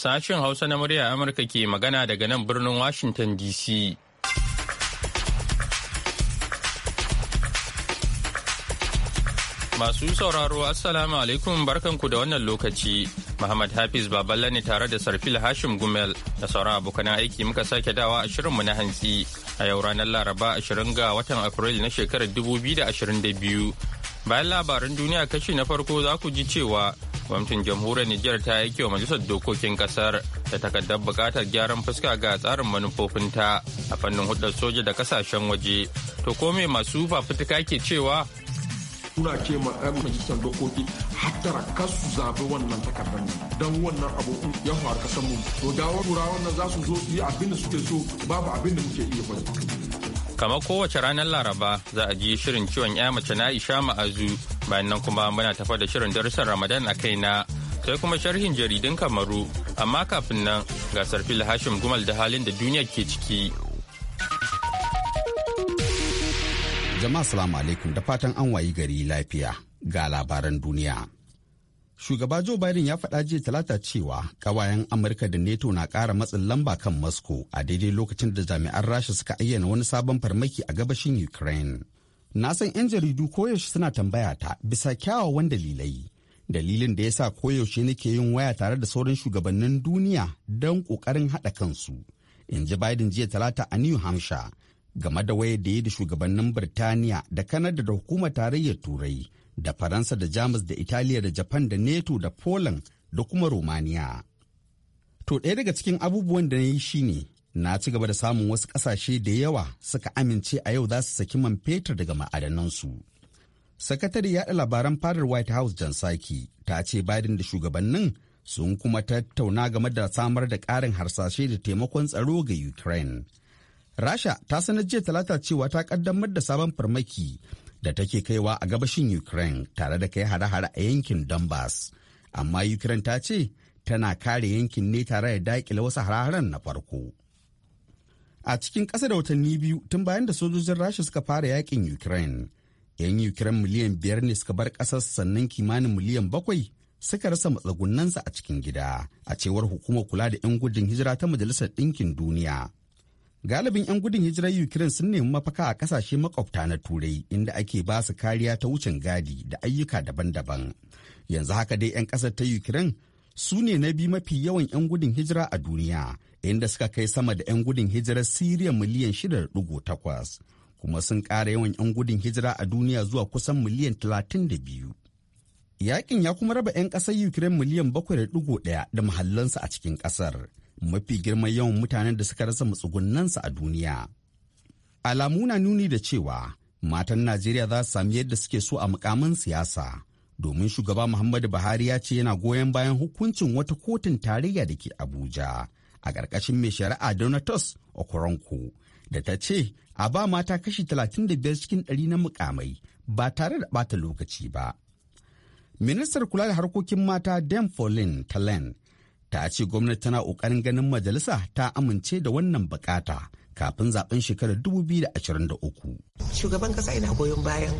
Sashen Hausa na murya Amurka ke magana daga nan birnin Washington DC. Masu sauraro Assalamu alaikum barkanku da wannan lokaci. Muhammad Hafiz Baballe ne tare da Sarfil Hashim Gumel da sauran abokanan aiki muka sake dawa a shirinmu na hantsi a yau ranar Laraba 20 ga watan Afrilu na shekarar 2022. Bayan labarin duniya kashi na farko za ku ji cewa gwamnatin jamhuriyar Nijar ta yi wa majalisar dokokin kasar da takaddar bukatar gyaran fuska ga tsarin manufofinta a fannin hudar soja da kasashen waje. To ko me masu fafutuka ke cewa? Kuna ke ma ɗan majalisar dokoki hattara kasu zaɓi wannan takardar ne don wannan abu ya faru kasar mu. To gawar turawan wannan za su zo su yi abin da suke so babu abin da muke iya bari. Kamar kowace ranar Laraba za a ji shirin ciwon ya mace na Isha Ma'azu bayan nan kuma muna tafa da shirin darussan ramadan a kai na sai kuma sharhin jaridun kamaru amma kafin nan gasar fil hashim gumal da halin da duniya ke ciki jama'a salamu alaikum da fatan an wayi gari lafiya ga labaran duniya shugaba joe biden ya faɗa jiya talata cewa kawayen amurka da neto na ƙara matsin lamba kan moscow a daidai lokacin da jami'an rasha suka ayyana wani sabon farmaki a gabashin ukraine na san 'yan jaridu koyaushe suna tambaya ta bisa kyawawan dalilai dalilin da ya sa koyaushe nake yin waya tare da sauran shugabannin duniya don ƙoƙarin haɗa kansu in ji biden jiya talata a new hampshire game da wayar da yi da shugabannin birtaniya da kanada da hukumar tarayyar turai da faransa da jamus da italiya da japan da neto da poland da kuma romania to ɗaya daga cikin abubuwan da na yi shine na ci gaba da samun wasu ƙasashe da yawa suka amince a yau za su saki man fetur daga ma'adanansu. Sakatare yaɗa labaran fadar White House Jan Saki ta ce Biden da shugabannin sun kuma tattauna game da samar da ƙarin harsashe da taimakon tsaro ga Ukraine. Rasha ta sanar jiya talata cewa ta ƙaddamar da sabon farmaki da take kaiwa a gabashin Ukraine tare da kai hare-hare a yankin Donbass. Amma Ukraine ta ce tana kare yankin ne tare da daƙile wasu hare-haren na farko. a cikin ƙasa da watanni biyu tun bayan da sojojin rasha suka fara yakin ukraine yan ukraine miliyan biyar ne suka bar ƙasar sannan kimanin miliyan bakwai suka rasa matsagunansa a cikin gida a cewar hukumar kula da 'yan gudun hijira ta majalisar ɗinkin duniya galibin 'yan gudun hijirar ukraine sun nemi mafaka a kasashe makwabta na turai inda ake ba su kariya ta wucin gadi da ayyuka daban-daban yanzu haka dai 'yan ƙasar ta ukraine su ne na biyu mafi yawan 'yan gudun hijira a duniya inda suka kai sama da 'yan gudun hijirar Siriya miliyan 6.8 kuma sun ƙara yawan 'yan gudun hijira a duniya zuwa kusan miliyan 32. Yakin ya kuma raba 'yan ƙasar Ukraine miliyan 7.1 da mahallansa a cikin ƙasar, mafi girman yawan mutanen da suka rasa matsugunansa a duniya. Alamu na nuni da cewa matan Najeriya za su sami yadda suke so a mukamin siyasa. domin shugaba Muhammadu Buhari ya ce yana goyon bayan hukuncin wata kotun tarayya da ke Abuja a ƙarƙashin mai shari'a Donatus Okoronkwo da ta ce a ba mata kashi 35 cikin ɗari na mukamai ba tare da ɓata lokaci ba. Ministar kula da harkokin mata dem folin Talen ta ce gwamnati tana ƙoƙarin ganin majalisa ta amince da wannan bukata. kafin zaben shekarar 2023. Shugaban kasa yana goyon bayan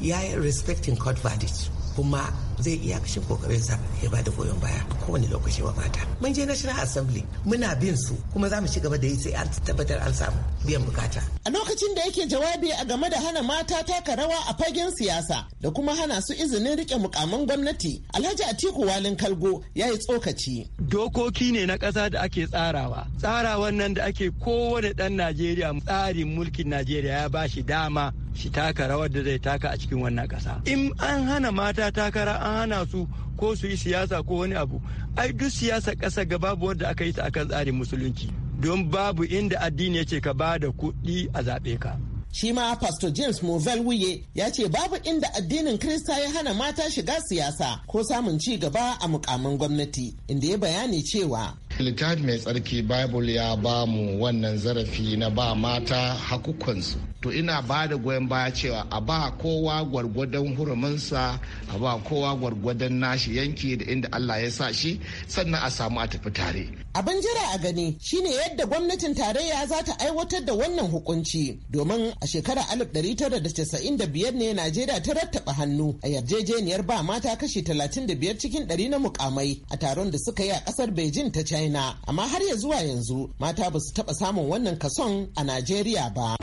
ya yi respecting court verdict. kuma zai iya kashin kokarinsa ya ba da goyon baya kowane lokaci wa mata mun je national assembly muna bin su kuma za mu ci gaba da yi sai an tabbatar an samu biyan bukata a lokacin da yake jawabi a game da hana mata taka rawa a fagen siyasa da kuma hana su izinin rike mukamman gwamnati alhaji atiku walin kalgo ya yi tsokaci dokoki ne na ƙasa da ake tsarawa tsarawar nan da ake kowane ɗan najeriya tsarin mulkin najeriya ya ba shi dama shi taka rawar da zai taka a cikin wannan ƙasa in an hana mata ya takara an hana su ko su yi siyasa ko wani abu ai duk siyasa ƙasa gaba wanda aka yi ta akan tsarin musulunci don babu inda addini yace ka ba da kuɗi a zaɓe ka shi ma pastor james movell wuye ya ce babu inda addinin krista ya hana mata shiga siyasa ko samun ci gaba a mukamin gwamnati inda ya bayani cewa littafi mai tsarki bible ya ba mu wannan zarafi na ba mata hakukansu to ina ba da goyon baya cewa a ba kowa gwargwadon huruminsa a ba kowa gwargwadon nashi yanki da inda allah ya sa shi sannan a samu a tafi tare Abin jira a gani shine yadda gwamnatin tarayya za ta aiwatar da wannan hukunci domin a shekarar 1995 ne Najeriya ta rattaba hannu a yarjejeniyar ba mata kashi 35 cikin 100 na mukamai a taron da suka yi a kasar Beijing ta China. Amma har ya zuwa yanzu mata ba su taba samun wannan kason a Najeriya ba.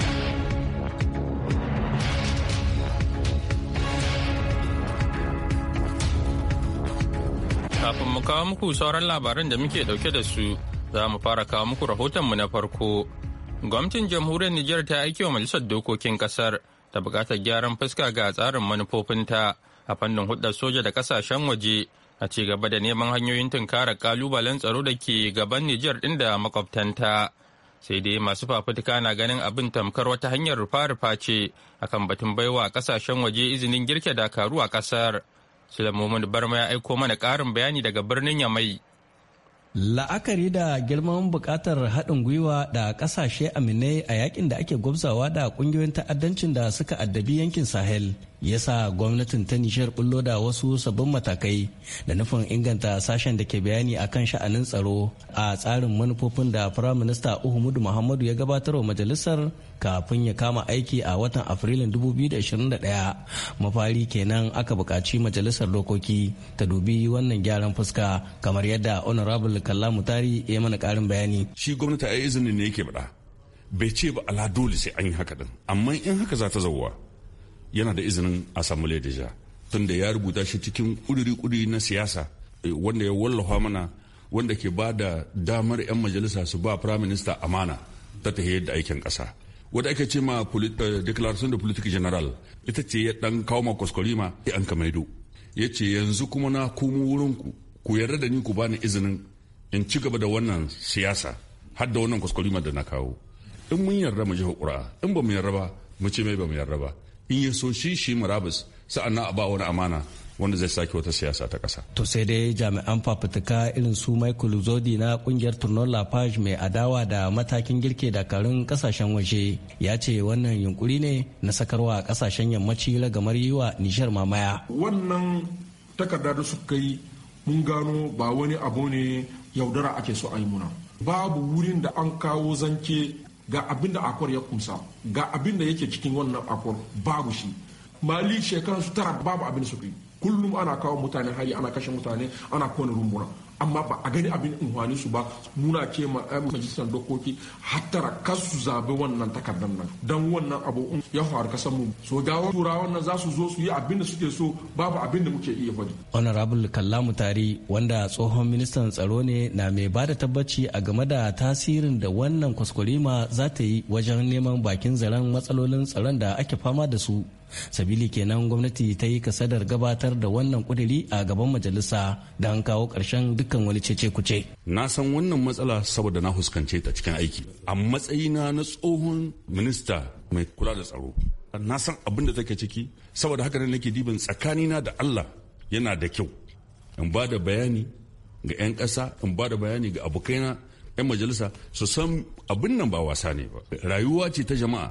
Kafin mu kawo muku sauran labaran da muke dauke da su, za mu fara kawo muku rahoton mu na farko. Gwamnatin jamhuriyar Nijar ta aiki wa majalisar dokokin kasar ta bukatar gyaran fuska ga tsarin manufofinta a fannin hudar soja da kasashen waje a ci gaba da neman hanyoyin tunkarar kalubalen tsaro da ke gaban Nijar din da makwabtanta. Sai dai masu fafutuka na ganin abin tamkar wata hanyar rufa-rufa ce akan batun baiwa kasashen waje izinin girke dakaru a kasar. Sulaiman Barma ya aiko mana ƙarin bayani daga birnin Yamai. La'akari da girman bukatar haɗin gwiwa da ƙasashe amine a yakin da ake gwabzawa da ƙungiyoyin ta'addancin da suka addabi yankin Sahel ya sa gwamnatin ta nishar bullo da wasu sabbin matakai da nufin inganta sashen da ke bayani a kan sha'anin tsaro a tsarin manufofin da firaminista Uhumudu Muhammadu ya gabatar wa majalisar kafin ya kama aiki a watan afrilun 2021 mafari kenan aka bukaci majalisar dokoki ta dubi wannan gyaran fuska kamar yadda honorable kalla mutari ya mana ƙarin bayani shi gwamnati a izini ne yake faɗa bai ce ba ala dole sai an yi haka din amma in haka za ta zauwa yana da izinin a samu ledeja da ya rubuta shi cikin kuduri-kuduri na siyasa eh, wanda ya wallafa mana wanda ke ba da damar 'yan majalisa su ba firaminista amana ta ta yadda aikin ƙasa wadda aka ce ma eh, declaration da politique general ita ce ya dan kawo ma koskolima. ya an ka maido ya ce yanzu kuma na komo wurin ku yarda da ni ku bani izinin in ci gaba da wannan siyasa har da wannan kwaskwarima da na kawo in mun yarda mu ji hukura in ba mu yarda ba mu ce mai ba mu yarda ba in ya so shi shi murabus na a ba wani amana wanda zai sake wata siyasa ta kasa. To sai dai jami'an fafutuka irin su Michael Zodi na kungiyar la Lafage mai adawa da matakin girke dakarun kasashen waje ya ce wannan yunkuri ne na sakarwa kasashen yammaci ragamar yi wa Nishar mamaya. Wannan takarda da suka yi mun gano ba wani abu ne yaudara ake so a yi muna. Babu wurin da an kawo zance ga abin da akwar ya kumsa ga abin da yake cikin wannan akwar babu shi. Mali shekaru tara babu abin su kullum ana kawo mutane hari ana kashe mutane ana kone rumbuna amma ba a gani abin unhwani su ba muna ce ma eh, majalisar dokoki hattara kar su zabi wannan takardar nan dan wannan abu ya faru kasan mu so gawa turawan nan za su zo su yi abin da suke so babu abin da muke iya faɗi honorable kallamu tari wanda tsohon ministan tsaro ne na mai ba da tabbaci a game da tasirin da wannan kwaskwarima za ta yi wajen neman bakin zaren matsalolin tsaron da ake fama da su sabili kenan gwamnati ta yi kasadar gabatar da wannan kuduri a gaban majalisa don kawo ƙarshen dukkan wani cece kuce na san wannan matsala saboda na huskance ta cikin aiki a matsayina na tsohon minista mai kula da tsaro na san abin da take ciki saboda haka nake dibin tsakanina da allah yana da kyau in ba da bayani ga 'yan ƙasa in ba da bayani ga abokaina 'yan majalisa su san abin nan ba wasa ne ba rayuwa ce ta jama'a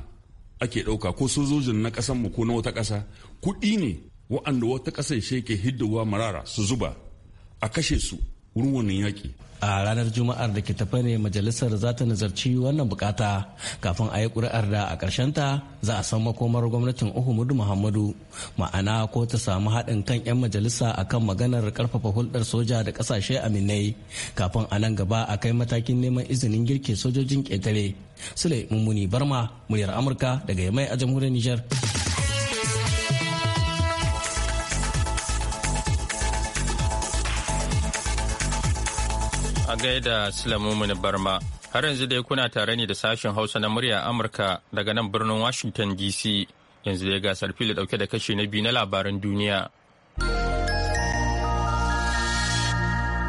ake ɗauka ko sojojin na mu ko na wata ƙasa kuɗi ne wa'anda wata ƙasashe ke hiddowa marara su zuba a kashe su wurin wannan yaƙi. a ranar juma'ar da ke tafa ne majalisar za ta nazarci wannan bukata kafin a yi ƙuri'ar da a ta za a san makomar gwamnatin uhumudu muhammadu ma'ana ko ta samu haɗin kan 'yan majalisa akan maganar karfafa hulɗar soja da ƙasashe a minnai kafin a nan gaba a kai matakin neman izinin girke sojojin ƙetare sule mummuni barma muryar amurka daga yamai a jamhuriyar nijar. A gaida Sulamumin Barma, har yanzu dai kuna tare ne da sashen Hausa na murya Amurka daga nan birnin Washington DC. Yanzu dai gasar fili dauke da kashi na biyu na labaran duniya.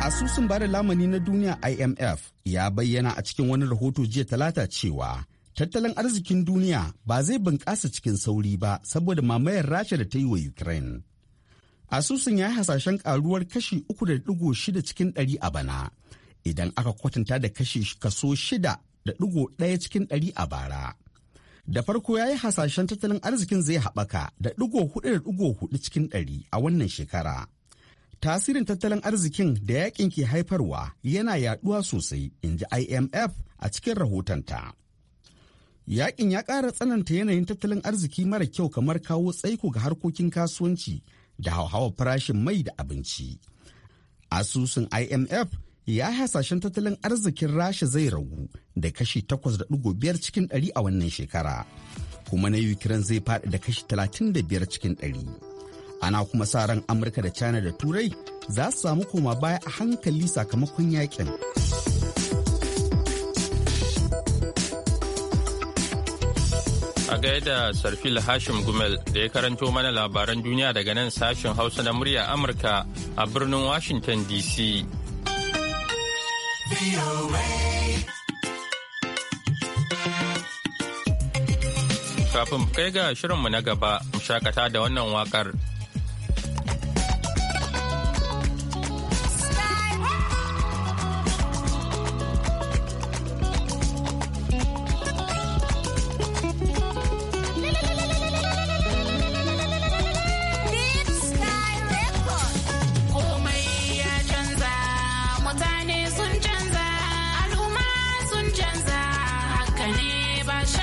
Asusun bada lamani na duniya IMF ya bayyana a cikin wani rahoto jiya talata cewa tattalin arzikin duniya ba zai bunƙasa cikin sauri ba saboda mamayar Rasha da ta yi wa Ukraine. Asusun ya yi hasashen karuwar kashi 3.6 cikin 100 a bana. idan aka kwatanta da kashi kaso shida da ɗigo ɗaya cikin ɗari a bara. Da farko ya yi hasashen tattalin arzikin zai haɓaka da ɗigo hudu da ɗigo hudu cikin ɗari a wannan shekara. Tasirin tattalin arzikin da yakin ke haifarwa yana yaɗuwa sosai, in ji IMF a cikin rahotonta. Yakin ya ƙara tsananta yanayin tattalin arziki mara kyau kamar kawo tsaiko ga harkokin kasuwanci da hauhawar farashin mai da abinci. Asusun IMF ya hasashen tattalin arzikin rasha zai ragu da kashi 8.5 cikin 100 a wannan shekara kuma na ukraine zai faɗi da kashi 35 cikin 100 ana kuma sa ran amurka da china da turai za su samu koma baya a hankali sakamakon yakin a gaida sarfil hashim gumel da ya karanto mana labaran duniya daga nan sashen hausa na murya amurka a birnin washington dc Kafin kai ga shirinmu na gaba, mu shakata da wannan waƙar. by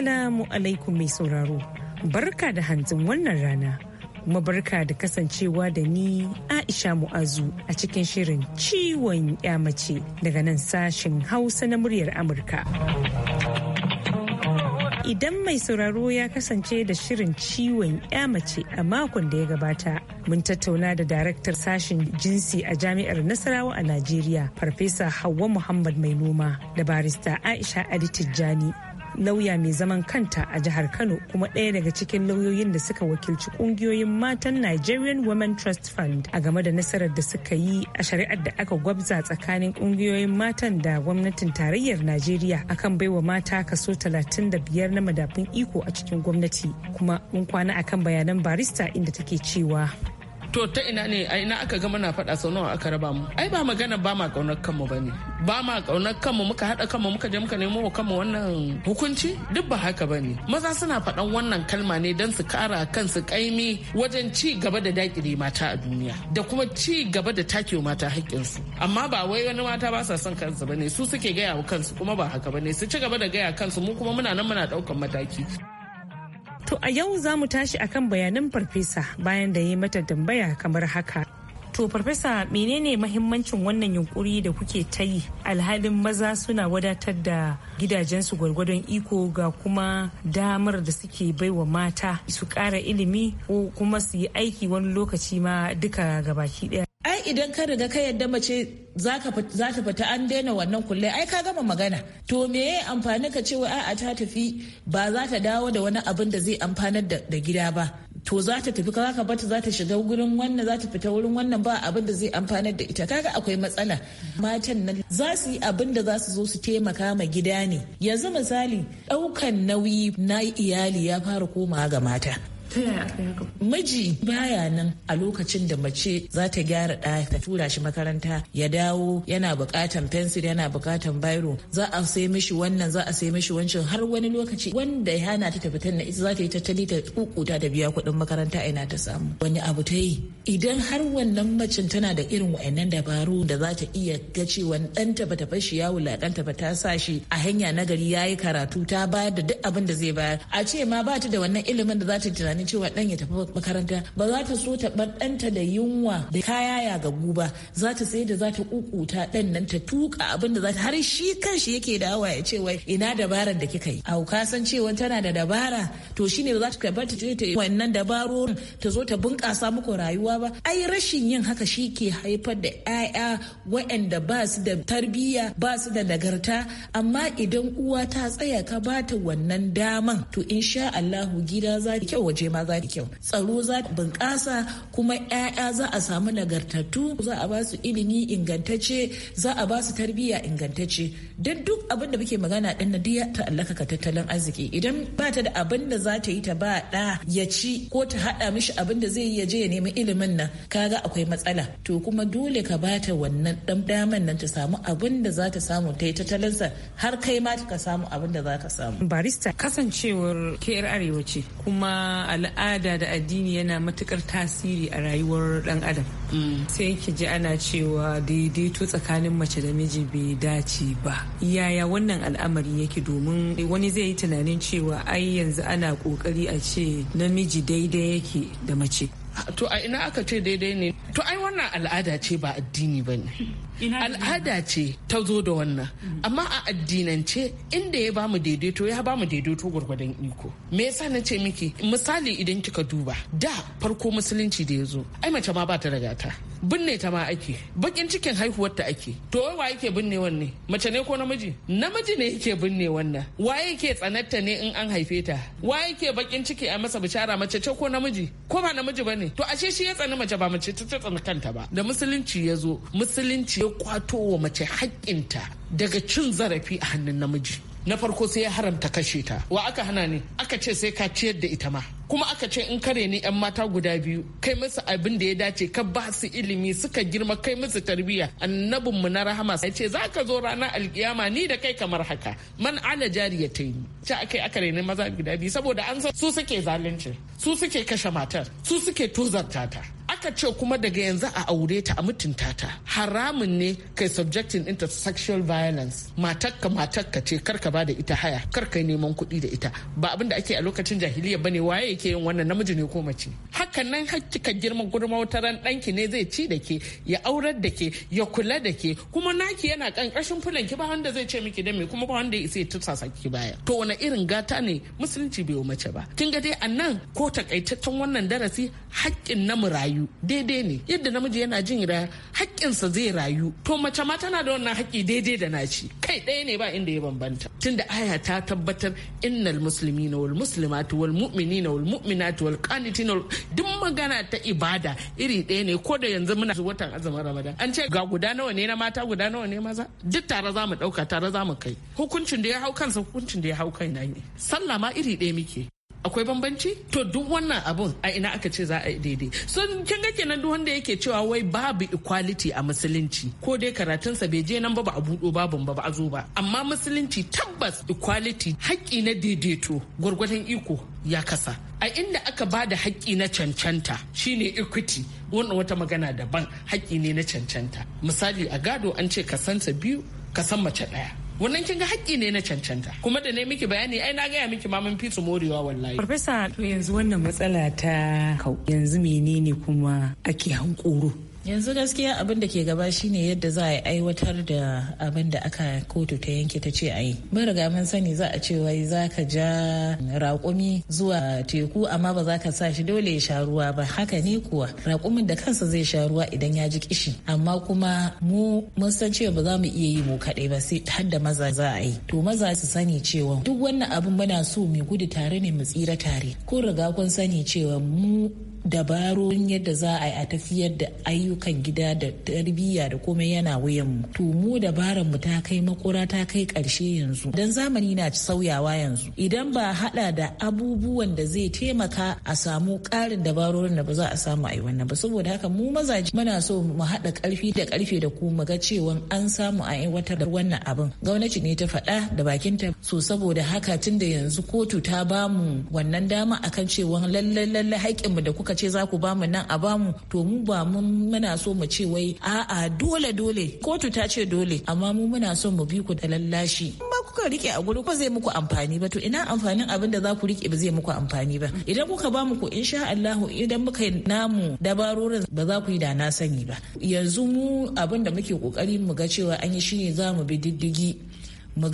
Assalamu alaikum mai sauraro, barka da hantsin wannan rana, kuma barka da kasancewa da ni Aisha Mu'azu a cikin shirin ciwon mace daga nan sashin Hausa na muryar Amurka. Idan mai sauraro ya kasance da shirin ciwon mace a makon da ya gabata, mun tattauna da daraktar sashin jinsi a jami'ar Nasarawa a Najeriya, Farfesa Hauwa Muhammad Mai Noma da barista Aisha Ali Tijjani lauya mai zaman kanta a jihar Kano kuma ɗaya daga cikin lauyoyin da suka wakilci kungiyoyin matan Nigerian Women Trust Fund a game da nasarar da suka yi a shari'ar da aka gwabza tsakanin kungiyoyin matan da gwamnatin tarayyar Najeriya akan baiwa mata kaso 35 na madafin iko a cikin gwamnati kuma mun kwana akan bayanan barista inda take cewa to ta ina ne a ina aka gama na faɗa sau nawa aka raba mu ai ba magana ba ma kaunar kanmu ba ne ba ma kaunar kanmu muka haɗa kanmu muka je muka nemo wa kanmu wannan hukunci duk ba haka ba ne maza suna faɗan wannan kalma ne don su kara kansu kaimi wajen ci gaba da dakile mata a duniya da kuma ci gaba da take mata haƙƙinsu amma ba wai wani mata ba sa son kansu ba ne su suke gaya wa kansu kuma ba haka ba ne su ci gaba da gaya kansu mu kuma muna nan muna ɗaukan mataki To a yau za mu tashi akan bayanan farfesa bayan da ya yi mata tambaya kamar haka. To farfesa menene mahimmancin wannan yunkuri da kuke ta yi alhalin maza suna wadatar da gidajensu gwargwadon iko ga kuma damar da suke baiwa mata su ƙara ilimi ko kuma su yi aiki wani lokaci ma duka ga baki ɗaya. idan ka riga ka yadda mace za ta fita an daina wannan kulle ai ka gama magana to me ya amfani ka wa a'a ta tafi ba za ta dawo da wani abin da zai amfanar da gida ba to za ta tafi ka bata za ta shiga gurin wannan za ta fita wurin wannan ba abin da zai amfanar da ita kaga akwai matsala matan nan za su yi abin da za su zo su taimaka ma gida ne yanzu misali ɗaukan nauyi na iyali ya fara komawa ga mata ta yaya baya nan a lokacin da mace za ta gyara ɗa ta tura shi makaranta ya dawo yana buƙatan fensir yana buƙatan bairo za a sai mishi wannan za a sai mishi wancan har wani lokaci wanda ya hana ta fitar na ita za ta yi tattali ta kukuta da biya kuɗin makaranta ina ta samu wani abu ta yi idan har wannan macin tana da irin wa'annan dabaru da za ta iya ga cewa ɗanta bata bar shi ya wulaƙanta ba ta sa shi a hanya na gari ya yi karatu ta bayar da duk abin da zai bayar a ce ma ba ta da wannan ilimin da za ta tunani tunanin cewa dan ya tafi makaranta ba za ta so ta bar ɗanta da yunwa da kaya ya gagu ba za ta sai da za ta kukuta ɗan nan ta tuka abin da za ta har shi kanshi yake dawa ya ce wai ina dabaran da kika yi au ka san cewa tana da dabara to shine ba za ta bar ta ta wannan dabarorin ta zo ta bunƙasa muku rayuwa ba ai rashin yin haka shi ke haifar da 'ya'ya waɗanda ba su da tarbiyya ba su da nagarta amma idan uwa ta tsaya ka ba ta wannan daman to insha Allahu gida za ta kyau waje ma za kyau tsaro za bunƙasa kuma 'ya'ya za a samu nagartattu za a ba su ilimi ingantacce za a ba su tarbiyya ingantacce don duk abin da muke magana din na diya ta allaka ka tattalin arziki idan ba ta da abin da za ta yi ta ba da ya ci ko ta haɗa mishi abin da zai yi ya je ya nemi ilimin nan kaga akwai matsala to kuma dole ka ba ta wannan dan daman nan ta samu abin da za ta samu ta yi tattalinsa har kai ma ka samu abin da za ka samu. barista kasancewar ke arewa ce kuma al'ada da addini yana matukar tasiri a rayuwar dan adam mm. sai ki ji ana cewa daidaito tsakanin mace da miji bai dace ba yaya wannan al'amari yake domin wani zai yi tunanin cewa ai yanzu ana kokari a ce namiji daidai yake da mace to a ina aka ce daidai ne to ai wannan al'ada ce ba addini ba ne al'ada ce ta zo da wannan mm. amma a addinance inda ya bamu daidaito ya bamu daidaito gwargwadon iko me yasa na ce miki misali idan kika duba da farko musulunci da ya zo ai mace ma ba ta daga ta binne ta ma ake bakin cikin haihuwar ta ake to wai wa yake binne wanne mace ne ko namiji namiji ne yake binne wannan wa yake tsanatta ne in an haife ta wa yake bakin ciki a masa bishara mace ce ko namiji ko ba namiji ba ne to ashe shi ya tsani mace ba mace ta tsani kanta ba da musulunci ya zo musulunci ya kwato wa mace haƙƙinta daga cin zarafi a hannun namiji na farko sai ya haramta kashe ta wa aka hana ne aka ce sai ka ciyar da ita ma kuma aka ce in kare ni yan mata guda biyu kai musu abin da ya dace ka ba su ilimi suka girma kai musu tarbiyya annabin mu na rahama sai ce za ka zo rana alkiyama ni da kai kamar haka man ala jariya ta yi ce aka aka maza guda biyu saboda an san su suke zalunci su suke kashe matar su suke tozarta ta aka ce kuma daga yanzu a aure ta a mutunta ta haramun ne kai subjecting into sexual violence matakka matakka ce karka ba da ita haya karka neman kuɗi da ita ba abin da ake a lokacin jahiliya ba ne waye yake yin wannan namiji ne ko mace hakan nan hakika girma gurma wata ran danki ne zai ci da ke ya aurar da ke ya kula da ke kuma naki yana kankashin fulan ki ba wanda zai ce miki da me kuma ba wanda ya isa ya saki baya to wani irin gata ne musulunci bai mace ba kin ga dai nan ko takaitaccen wannan darasi haƙƙin na murayu rayu daidai ne yadda namiji yana jin da haƙƙinsa zai rayu to mace ma tana da wannan haƙƙi daidai da naci kai ɗaya ne ba inda ya bambanta tunda aya ta tabbatar innal muslimina wal muslimatu wal mu'minina wal mu'minatu wal qanitina duk magana ta ibada iri ɗaya ne ko da yanzu muna watan azumin ramadan an ce ga guda nawa ne na mata guda nawa ne maza duk tare za mu ɗauka tare za mu kai hukuncin da ya hau kansa hukuncin da ya hau na ne sallah ma iri ɗaya muke akwai bambanci to duk wannan abun a ina aka ce za a daidai so kin ga kenan duk wanda yake cewa wai babu equality a musulunci ko dai karatun sa bai je nan ba ba a buɗo babun ba ba a zo ba amma musulunci tabbas equality haƙƙi na daidaito gwargwadon iko ya kasa a inda aka ba da haƙƙi na cancanta shine equity wannan wata magana daban haƙƙi ne na cancanta misali a gado an ce kasanta biyu ka san mace ɗaya wannan kin ga haƙƙi ne na cancanta kuma da ne miki bayani ai na gaya miki ma mun fi su morewa wallahi farfesa to yanzu wannan matsala ta kau yanzu menene kuma ake hankoro yanzu gaskiya abin da ke gaba shine yadda za a aiwatar da abin da aka kotu ta yanke ta ce a yi mun riga mun sani za a ce wai za ka ja raƙumi zuwa teku amma ba za ka sa shi dole ya sha ruwa ba haka ne kuwa raƙumin da kansa zai sha ruwa idan ya ji kishi amma kuma mu mun san cewa ba za mu iya yi mu kaɗai ba sai har da maza za a yi to maza su sani cewa duk wannan abin muna so mu gudu tare ne mu tsira tare ko riga kun sani cewa mu dabarun yadda za a yi a tafiyar da ayyukan gida da tarbiyya da komai yana wuyanmu to mu dabaran mu ta kai makura ta kai ƙarshe yanzu dan zamani na sauyawa yanzu idan ba hada da abubuwan da zai taimaka a samu ƙarin dabarorin da ba za a samu a yi wannan ba saboda haka mu mazaje muna so mu haɗa ƙarfi da ƙarfe da ku mu ga cewa an samu a aiwatar da wannan abin gwamnati ne ta faɗa da bakinta so saboda haka tunda yanzu kotu ta bamu wannan dama akan cewa lallai lallai haƙƙinmu da kuka kuka ce za ku ba mu nan a ba mu to mu ba mun muna so mu ce wai a'a dole dole kotu ta ce dole amma mu muna so mu bi ku da lallashi ba kuka rike a gudu ko zai muku amfani ba to ina amfanin abin da za ku rike ba zai muku amfani ba idan kuka ba mu ku insha Allah idan muka namu dabarorin ba za ku yi da na sani ba yanzu mu abin da muke kokari mu ga cewa an yi shine za mu bi diddigi mu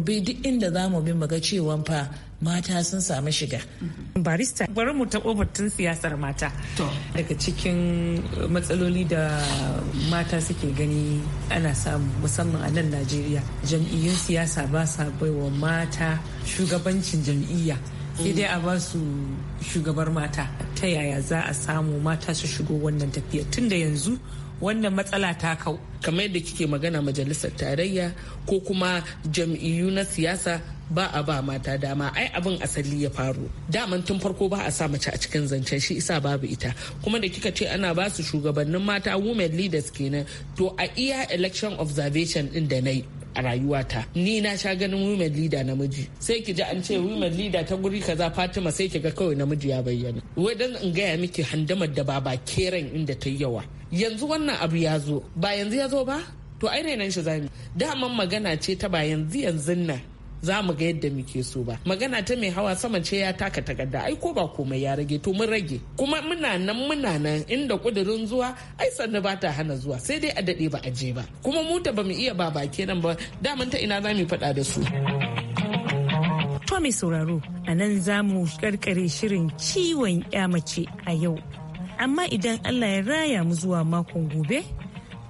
bi duk inda za mu bi mu ga cewa fa mata sun samu shiga. barista bari mu taɓo batun siyasar mata daga cikin matsaloli da mata suke gani ana samu musamman a nan najeriya jam'iyyun siyasa ba sa baiwa mata shugabancin jam'iyya sai dai a ba su shugabar mata ta yaya za a samu mata su shigo wannan tafiya tun da yanzu wannan matsala ta kau kamar yadda kike magana majalisar tarayya ko kuma jam'iyyu na siyasa ba a ba mata dama ai abin asali ya faru daman tun farko ba a sa mace a cikin zancen shi isa babu ita kuma da kika ce ana ba su shugabannin mata women leaders kenan to a iya election observation din da na a rayuwata ni na sha ganin women leader namiji sai ki ji an ce women leader ta guri kaza fatima sai ki ga kawai namiji ya bayyana wai dan in gaya miki handamar da ba ba keren inda ta yawa yanzu wannan abu ya zo ba yanzu ya zo ba to ai nan shi zamu daman magana ce ta ba yanzu yanzu nan za mu ga yadda muke so ba magana ta mai hawa sama ce ya taka takarda ai ko ba komai ya rage to mun rage kuma muna nan muna nan inda kudirin zuwa ai sannu ba ta hana zuwa sai dai a dade ba a je ba kuma mu ta mu iya ba ba nan ba daman ta ina za mu faɗa da su to mai sauraro a nan za mu karkare shirin ciwon ya mace a yau amma idan Allah ya raya mu zuwa makon gobe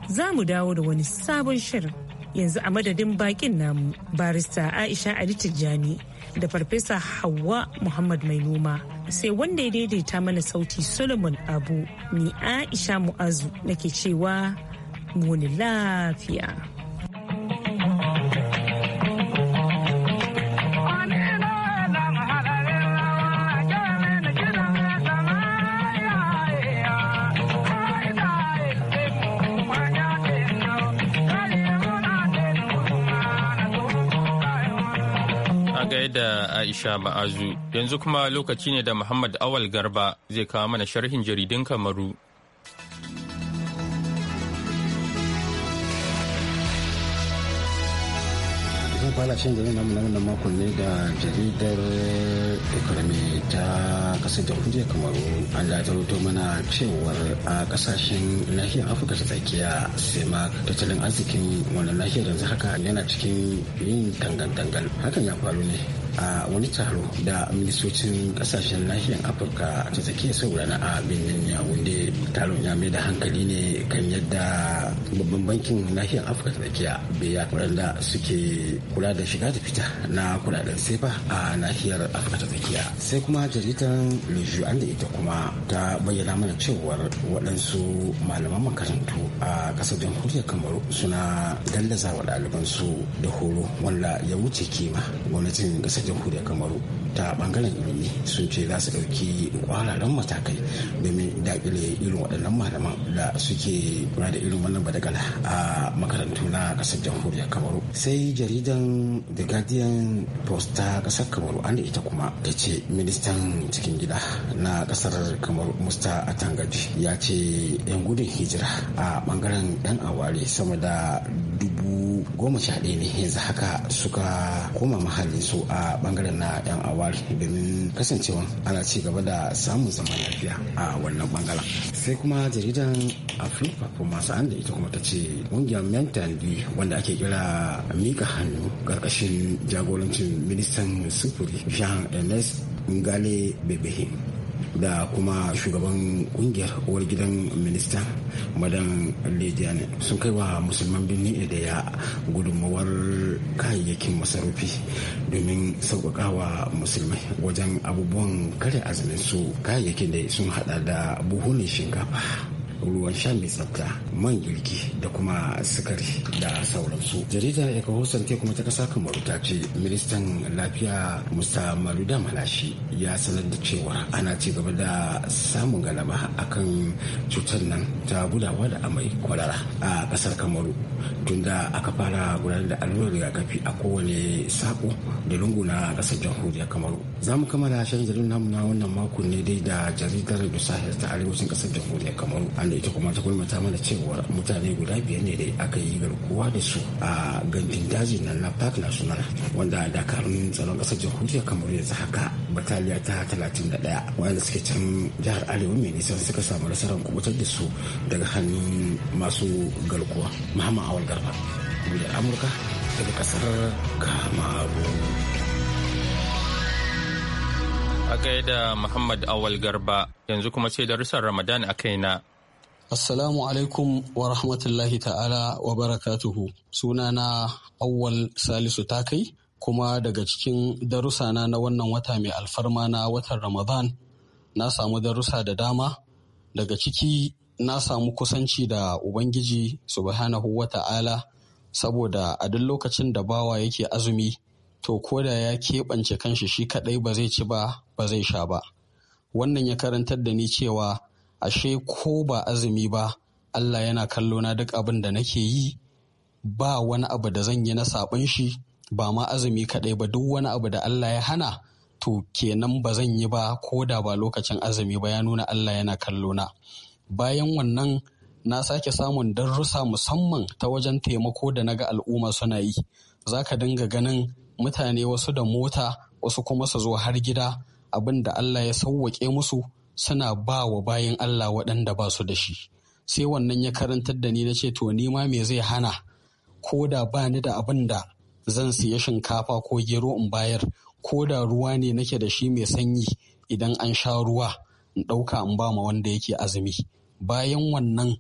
za mu dawo da wani sabon shirin yanzu a madadin bakin namu barista Aisha Ali Tijjani da farfesa Hauwa Muhammad Mai Noma sai wanda ya daidaita mana sauti Solomon Abu ni Aisha Mu'azu nake cewa mu lafiya. Aisha Ma'azu. Yanzu kuma lokaci ne da Muhammad Awal Garba zai kawo mana sharhin jaridun Kamaru. zan fara shan jaridar namu na wannan makon ne da jaridar economy ta kasar da jamhuriyar kamaru an da mana cewar a kasashen nahiyar afirka ta tsakiya sai ma tattalin arzikin wannan nahiyar yanzu haka yana cikin yin tangantangal hakan ya faru ne a wani taro da ministocin kasashen nahiyar afirka ta tsakiya na a birnin wunde taron ya mai da hankali ne kan yadda babban bankin nahiyar afirka ta tsakiya biya waɗanda suke kula da shiga da fita na kudaden sefa a nahiyar afirka ta tsakiya sai kuma jaridar leju an da ita kuma ta bayyana mana cewar waɗansu malaman makarantu a ƙasar jamhuriyar kamaru suna gallaza wa ɗalibansu da horo wanda ya wuce kima gwamnatin ƙasar ƙasar jamhuriyar kamaru ta bangaren ilimi sun ce za su ɗauki ƙwararren matakai domin daƙile irin waɗannan malaman da suke kula da irin wannan badagala a makarantu na ƙasar jamhuriyar kamaru sai jaridan the guardian post ta ƙasar kamaru an da ita kuma ta ce ministan cikin gida na ƙasar kamaru musta atangaji ya ce 'yan gudun hijira a bangaren 'yan aware sama da dubu goma sha ɗaya ne yanzu haka suka koma mahallin su a bangaren na yan awar domin kasancewa ana ci gaba da samun zaman lafiya a wannan bangaren sai kuma jaridan afirka kuma sa'an da ita kuma ta ce ƙungiyar mentandi wanda ake kira mika hannu ƙarƙashin jagorancin ministan sufuri jean ernest ngale bebehe da kuma shugaban kungiyar uwar gidan minista madan lediane sun kai wa musulman birni da ya gudunmawar kayayyakin masarufi domin sauƙaƙa wa musulmai wajen abubuwan kare azumin su kayayyakin da sun hada da buhunan shinkafa ruwan sha mai tsafta man girki da kuma sukari da sauransu jaridar ecohosan te kuma ta kasa kamaru ta ce ministan lafiya musta maluda malashi ya sanar da cewa ana ci gaba da samun galaba akan cutar nan ta gudawa da amai kwalara a kasar kamaru tunda aka fara gudanar da allurar rigakafi a kowane sako da lungu na kasar jamhuriyar kamaru za mu da shan jaridar namu na wannan makon ne dai da jaridar da ta arewacin kasar jamhuriyar kamaru wanda ita kuma ta gulmata mana cewa mutane guda biyar ne da aka yi garkuwa da su a gandun daji na la park national wanda dakarun tsaron kasar jamhuriyar kamar yanzu haka bataliya ta talatin da 31 wanda suke can jihar arewa mai nisan suka samu nasarar kubutar da su daga hannun masu garkuwa muhammad awal garba da amurka daga kasar kamaru a gaida muhammad awal garba yanzu kuma ce darussan ramadan a kaina Assalamu alaikum wa rahmatullahi ta'ala wa barakatuhu. Sunana Awwal Salisu ta kai? kuma daga cikin darussana na wannan wata mai alfarma na watan Ramadan na samu darussa da dama daga ciki na samu kusanci da Ubangiji subhanahu wa ta'ala saboda a duk lokacin da bawa yake azumi to koda ya keɓance kanshi shi kaɗai ba zai ci ba ba zai sha ba. Wannan ya karantar da ni cewa ashe ko ba azumi ba Allah yana kallo na duk abin da nake yi ba wani abu da zan yi na saɓin shi ba ma azumi kaɗai ba duk wani abu da Allah ya hana to kenan ba zan yi ba ko da ba lokacin azumi ba ya nuna Allah yana kallo na bayan wannan na sake samun darussa musamman ta wajen taimako da naga al'umma suna yi za ka dinga ganin mutane wasu da mota wasu kuma su zo har gida abin da Allah ya sauwaƙe musu suna ba wa bayan Allah waɗanda ba su da shi sai wannan ya karantar da ni na ce to nima me zai hana ko da ba ni da abin da zan siya shinkafa ko gero in bayar ko da ruwa ne nake da shi mai sanyi idan an sha ruwa in ɗauka in ba ma wanda yake azumi bayan wannan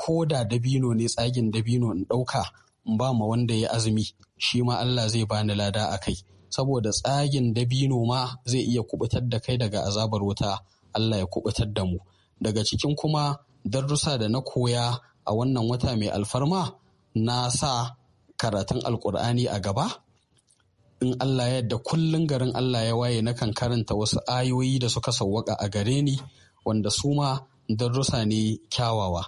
ko da dabino ne tsagin dabino in ɗauka in ba ma wanda ya azumi shi ma Allah zai bani lada a kai saboda tsagin dabino ma zai iya kubutar da kai daga azabar wuta Allah ya kubutar da mu daga cikin kuma darussa da na koya a wannan wata mai alfarma na sa karatun alkur'ani a gaba in Allah ya yadda kullum garin Allah ya waye nakan karanta wasu ayoyi da suka sauwaka a gare ni wanda su ma darussa ne kyawawa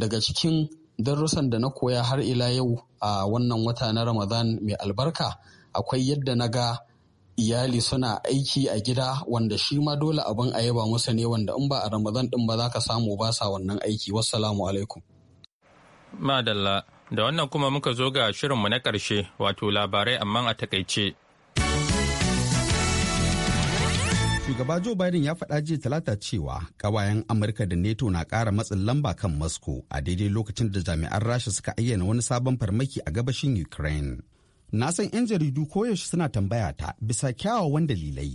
daga cikin darussan da na koya har ila yau a wannan wata na ramadan mai albarka akwai yadda na ga iyali suna aiki a gida wanda shi ma dole abin a yaba musu ne wanda in ba a ramadan din ba za ka samu ba sa wannan aiki wassalamu alaikum madalla da wannan kuma muka zo ga shirinmu na karshe wato labarai amma a takaice shugaba joe biden ya faɗa jiya talata cewa ƙawayen amurka da neto na ƙara matsin lamba kan moscow a daidai lokacin da jami'an rasha suka ayyana wani sabon farmaki a gabashin ukraine na san 'yan jaridu koyaushe suna tambaya ta bisa kyawawan dalilai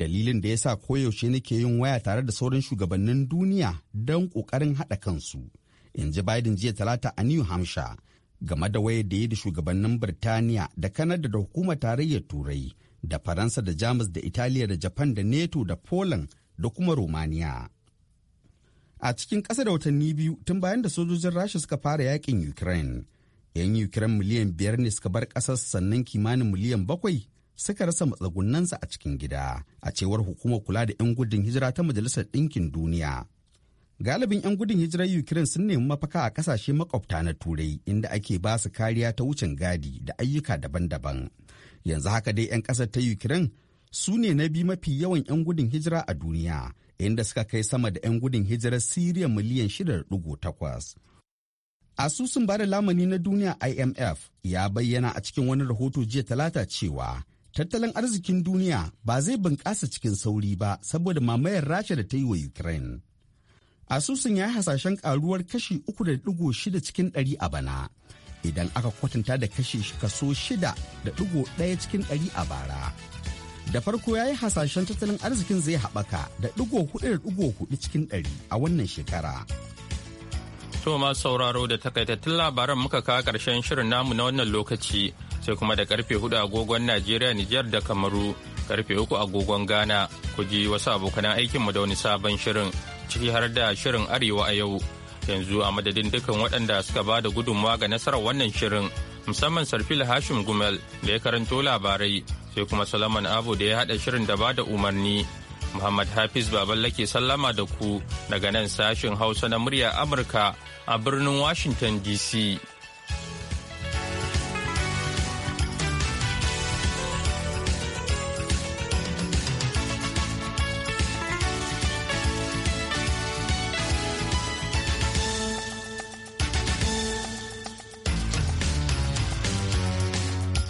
dalilin da ya sa koyaushe nake yin waya tare da sauran shugabannin duniya don ƙoƙarin haɗa kansu in ji biden jiya talata a new hampshire game da wayar da ya da shugabannin birtaniya da kanada da hukumar tarayyar turai da faransa da jamus da italiya da japan da neto da poland da kuma romania a cikin ƙasa da watanni biyu tun bayan da sojojin rasha suka fara yakin ukraine yan ukraine miliyan biyar ne suka bar ƙasar sannan kimanin miliyan bakwai suka rasa matsagunansa a cikin gida a cewar hukumar kula da 'yan gudun hijira ta majalisar ɗinkin duniya galibin 'yan gudun hijirar ukraine sun nemi mafaka a kasashe makwabta na turai inda ake ba su kariya ta wucin gadi da ayyuka daban-daban yanzu haka dai 'yan ƙasar ta ukraine su ne na biyu mafi yawan 'yan gudun hijira a duniya inda suka kai sama da 'yan gudun hijirar siriya miliyan 6.8 Asusun bada lamani na duniya IMF ya bayyana a cikin wani rahoto jiya talata cewa tattalin arzikin duniya ba zai bunƙasa cikin sauri ba saboda mamayar Rasha da ta yi wa Ukraine. Asusun ya hasashen ƙaruwar kashi 3.6 cikin 100 a bana idan aka kwatanta da kashi kaso 6.1 cikin 100 a bara. Da farko ya yi hasashen tattalin arzikin zai haɓaka da 4.4 cikin 100 a wannan shekara. To masu sauraro da takaitattun labaran muka kawo karshen shirin namu na wannan lokaci sai kuma da karfe hudu agogon Najeriya Nijar da Kamaru karfe uku agogon Ghana ku ji wasu abokanan aikinmu da wani sabon shirin ciki har da shirin Arewa a yau. Yanzu a madadin dukkan waɗanda suka ba da gudunmawa ga nasarar wannan shirin musamman Sarfil Hashim Gumel da ya karanto labarai sai kuma Salaman Abu da ya haɗa shirin da ba da umarni. Muhammad Hafiz baban ke sallama da ku daga nan sashin Hausa na murya Amurka a birnin Washington DC.